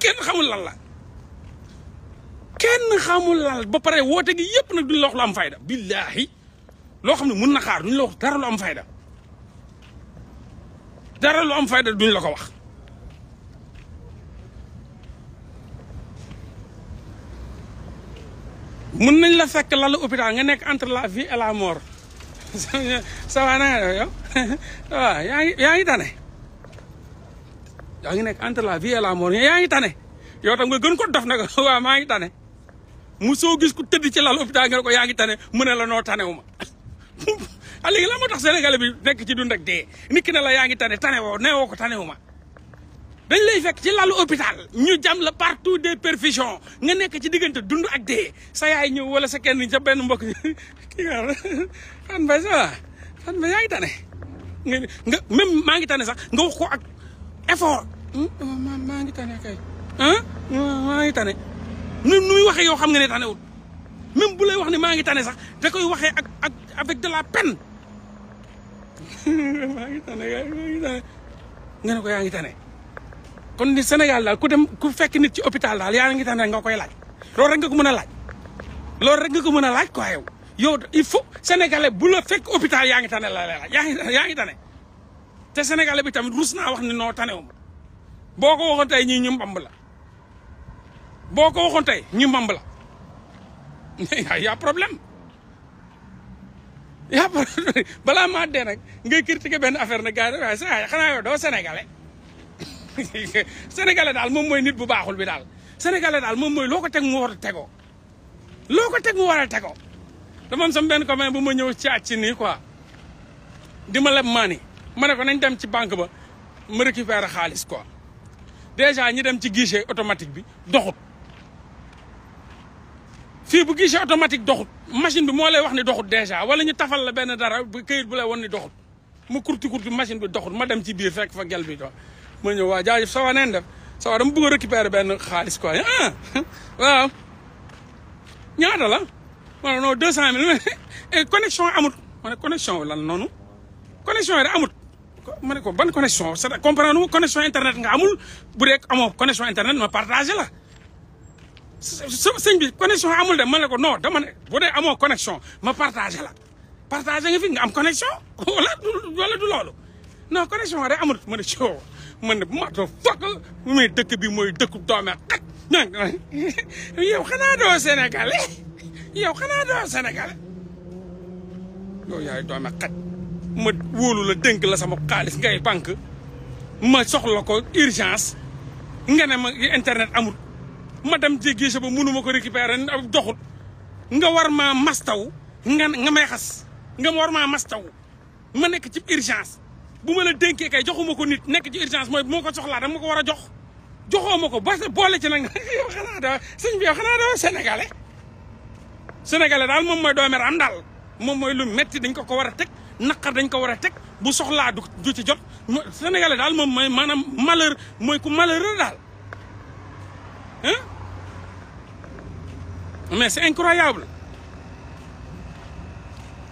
kenn xamul lan la kenn xamul lan la ba pare woote gi yépp nag duñ la wax lu am fayda billaahi loo xam ne mun na xaar duñ la wax dara lu am fayda dara lu duñ la ko wax mun nañ la fekk lalu hôpital nga nekk entre la vie et la mort ça va yaa ngi yaa ngi yaa ngi nekk entre la vie et la mort yaa ngi tane yow tam gën ko dof nag waaw maa ngi tane mu soo gis ku tëdd ci lal hôpital nga ko yaa ngi tane mu ne la noo tane wu ma a léegi la moo tax sénégalais nekk ci dund ak dee nit ki la yaa ngi tane tane woo nee woo ko tane wu ma dañ lay fekk ci lalu hôpital ñu jam la partout de perfusions nga nekk ci diggante dund ak dee sa yaay ñëw wala sa kenn sa mbokk kii nga xam mbay tane nga même maa ngi tane sax nga wax ak effort Oh, maa ngi tane kay ah maa ngi tane nu muy yow xam nga ne tanewul bu lay wax ne maa ngi tane sax da koy waxee ak ak avec de la peine maa ngi tane nga ne ko yaa ngi tane kon ni Sénégal daal ku dem ku fekk nit ci hôpital daal yaa ngi tane nga koy laaj loolu rek nga ko mën a laaj loolu rek nga ko mën a laaj quoi yow yow il faut sénégalais bu la fekk hôpital yaa ngi tane la lay laaj yaa ngi tane te sénégalais bi tamit rus naa wax ne noo tanewuma boo ko waxoon tey ñii ñu mbamb la boo ko waxoon tey ñu mbamb la mais y' problème balaa maa dee nag ngay critiquer benn affaire na gars yi waaye saa xanaa yow doo sénégalais sénégalais daal moom mooy nit bu baaxul bi daal sénégalais daal moom mooy loo ko teg mu war a tegoo loo ko teg mu war a tegoo dama am sama benn commune bu ma ñëw ci at nii quoi di ma leb maa ma ne ko nañ dem ci banque ba ma récupérer xaalis quoi. déjà ñi dem ci guichet automatique bi doxut fii bu guichet automatique doxut machine bi moo lay wax ni doxut déjà wala ñu tafal la benn dara bu kayit bu lay won ni doxut mu kurti kurti machine bi doxut ma dem ci biir fekk fa gel bi dox ma ñëw waa jaajëf ça va neen def ça va dama a récupérer benn xaalis quoi ah waaw ñaata la ma non deux cent mille amut ma ne connexion lan noonu connexion yi amut ma ne ko ban connexion c'est comprendre mu connexion internet nga amul bu dee amoo connexion internet ma partagé la. sëñ connexion amul de ma ne ko non dama bu dee amoo connexion ma partagé la partagé nga fi nga am connexion wala wala du loolu non connexion rek amul ma ne ci woo man ne ma doon fokk dëkk bi mooy dëkk doome xaj yow xanaa doo Sénégalais yow xanaa doo Sénégalais yow yaay doome xaj. ma wóolu la dénk la sama xaalis ngay banque ma soxla ko urgence nga ne ma internet amul ma dem jéggi sa ba mënuma ko récupérer doxul nga war maa mastaw nga nga may xas nga war maa mastaw ma nekk ci urgence bu ma la dénkee kay joxuma ko nit nekk ci urgence mooy moo ko soxlaa moo ko war a jox joxoo ma ko ba boole ci nag yow xanaa da sëñ bi xanaa da sénégalais daal moom mooy doomeer am daal moom mooy lu metti dañ ko ko war a teg naqar dañ ko war a teg bu soxlaa du du ci jot sénégalais daal moom mooy maanaam malheur mooy ku malheureux daal hein mais c'est incroyable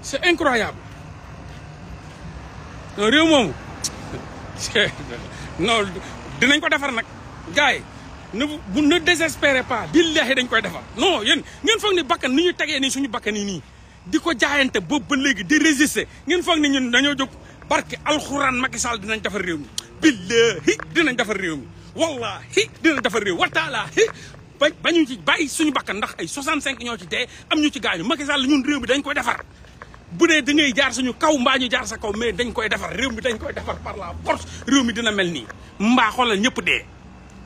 c'est incroyable non euh, réew moomu non dinañ ko defar nag gars yi ne bu ne désespérez pas billahi dañ koy defar non yéen ngeen foog ni bakkan ni ñu tegee nii suñu bakkan yi nii di ko jaayante boobu ba léegi di résister ngeen foog ne ñun dañoo jóg barke alxuraan Macky Sall dinañ defar réew mi billahi dinañ defar réew mi wallahi dinañ defar réew ba bañu ci bàyyi suñu bakkan ndax ay 65 ñoo ci dee am ñu ci gaañu Macky Sall ñun réew mi dañ koy defar bu dee da ngay suñu kaw mbaa ñu jaar sa kaw mais dañ koy defar réew mi dañ koy defar par la force réew mi dina mel nii mbaa xoolal ñëpp dee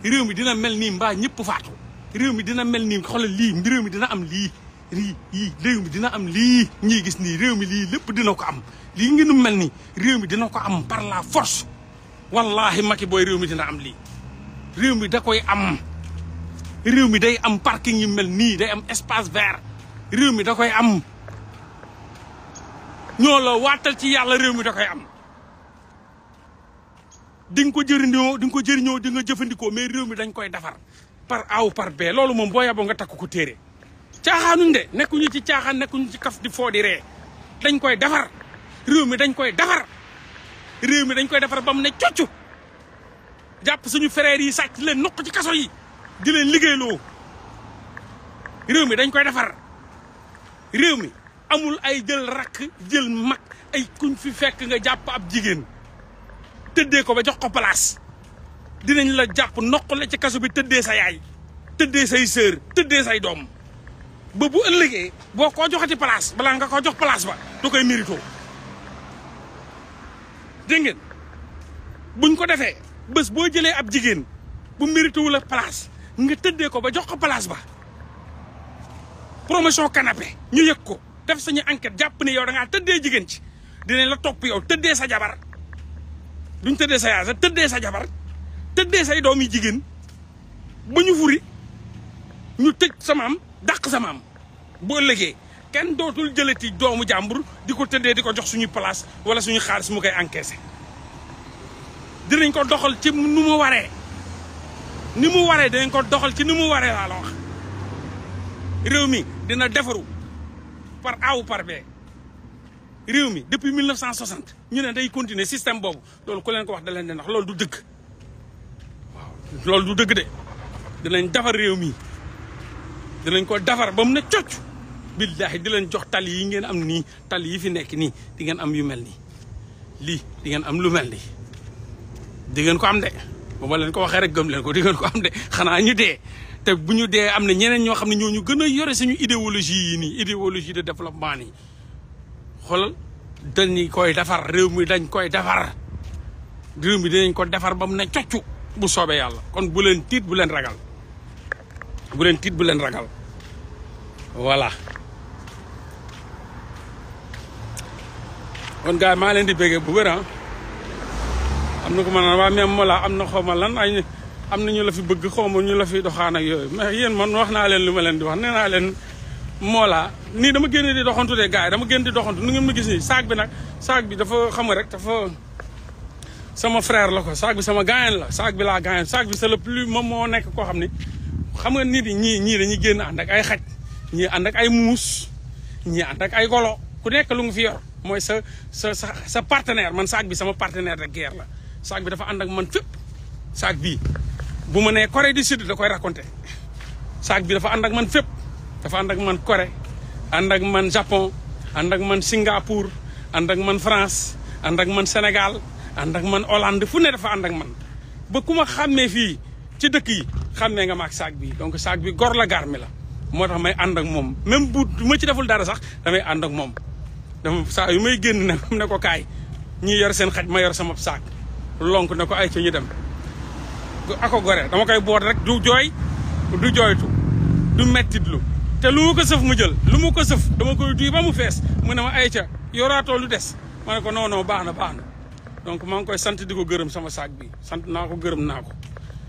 réew mi dina mel nii mbaa ñëpp faatu réew mi dina mel nii xoolal lii réew mi dina am lii lii yii réew mi dina am lii ñuy gis nii réew mi lii lépp dina ko am lii ngi nu mel ni réew mi dina ko am par la force wallahi Macky booy réew mi dina am lii réew mi da koy am réew mi day am parking yu mel nii day am espace vert réew mi da koy am ñoo la waatal ci yàlla réew mi da koy am di nga ko jëriñoo di nga ko jëriñoo di nga jëfandikoo mais réew mi dañ koy defar par aw par bee loolu moom boo yaboo nga takk ko téere caaxaanuñ de nekkuñu ci caaxaan nekkuñu ci kaf di foo di ree dañ koy defar réew mi dañ koy defar réew mi dañ koy defar ba mu ne cocc jàpp suñu frères yi sàcc leen nokk ci kaso yi di leen liggéeyloo réew mi dañ koy defar réew mi amul ay jël rakk jël mag ay kuñ fi fekk nga jàpp ab jigéen tëddee ko ba jox ko place dinañ la jàpp nokk la ci kaso bi tëddee sa yaay tëddee say sœur tëddee say doom ba bu ëllëgee boo koo joxati place bala nga ko jox place ba du koy mérito dégg ngeen buñ ko defee bés boo jëlee ab jigéen bu mérito wu la place nga tëddee ko ba jox ko place ba promotion canapé ñu yëg ko def sañu enquête jàpp ne yow da tëddee jigéen ci dinañ la topp yow tëddee sa jabar duñ tëddee sa yaasa tëddee sa jabar tëddee say doom jigéen ba ñu furi ñu tëj sa maam dàq sa maam boo ëllëgee kenn dootul jëlati doomu jàmbur di ko tëddee di ko jox suñu place wala suñu xaalis mu koy encaissé dinañ ko doxal ci nu mu waree ni mu waree dinañ ko doxal ci ni mu waree laa la wax réew mi dina defaru par A ou par B réew mi depuis 1960 ñu ne day continuer système boobu loolu ku leen ko wax da leen di ndax loolu du dëkk waaw loolu du dëgg de dinañ defar réew mi dinañ ko defar ba mu ne cocc billaahi di leen jox tali yi ngeen am nii tali yi fi nekk nii di ngeen am yu mel ni lii di ngeen am lu mel ni di ko am de bu ma leen ko waxee rek gëm leen ko di ngeen ko am de xanaa ñu dee te bu ñu dee am na ñeneen ñoo xam ne ñoo ñu gën a yore suñu idéologie yi nii idéologie de développement ni xoolal dañu koy defar réew mi dañ koy defar réew mi dinañ ko defar ba mu ne coccu bu soobee yàlla kon bu leen tiit bu leen ragal bu leen tiit bu leen ragal voilà kon gars yi maa leen di béggee bu wér ah. am na ko ma naan waa même Mollah am na xaw ma lan ay am na ñu la fi bëgg xaw ma ñu la fi doxaan ak yooyu mais yéen man wax naa leen li ma leen di wax nee naa leen Mollah nii dama génn di doxantu de gars yi dama génn di doxantu nu ngeen ma gis nii saag bi nag saak bi dafa xam nga rek dafa sama frère la ko saag bi sama gaayen la saak bi laa gaayen saak bi c'est le plus moom moo nekk koo xam ni xam nii nit ñii ñii dañuy génn ànd ak ay xaj ñii ànd ak ay muus ñii ànd ak golo ku nekk fi mooy sa sa sa sa partenaire man saak bi sama partenaire de guerre la saak bi dafa ànd ak man fépp saak bi bu ma nee Corée du Sud da koy raconté saak bi dafa ànd ak man fépp dafa ànd ak man Corée ànd ak man Japon ànd ak man Singapour ànd ak man France ànd ak man Sénégal ànd ak man Hollande fu ne dafa ànd ak man ba ku ma xàmmee fii ci dëkk yi xàmmee nga maak saak bi donc saak bi gor la garmi la moo tax may ànd ak moom même bu ma ci deful dara sax damay ànd ak moom dama saa yu may génn nag am na ko kaay ñii yor seen xaj ma yor sama saak lonk na ko ay ci dem ako gore dama koy boot rek du jooy du jooytu du mettitlu te lu mu ko sëf mu jël lu mu ko sëf dama koy duy ba mu fees mu ne ma ay ca yoraatoo lu des ma ne ko non baax na baax na donc maa ngi koy sant di ko gërëm sama saak bi sant naa ko gërëm naa ko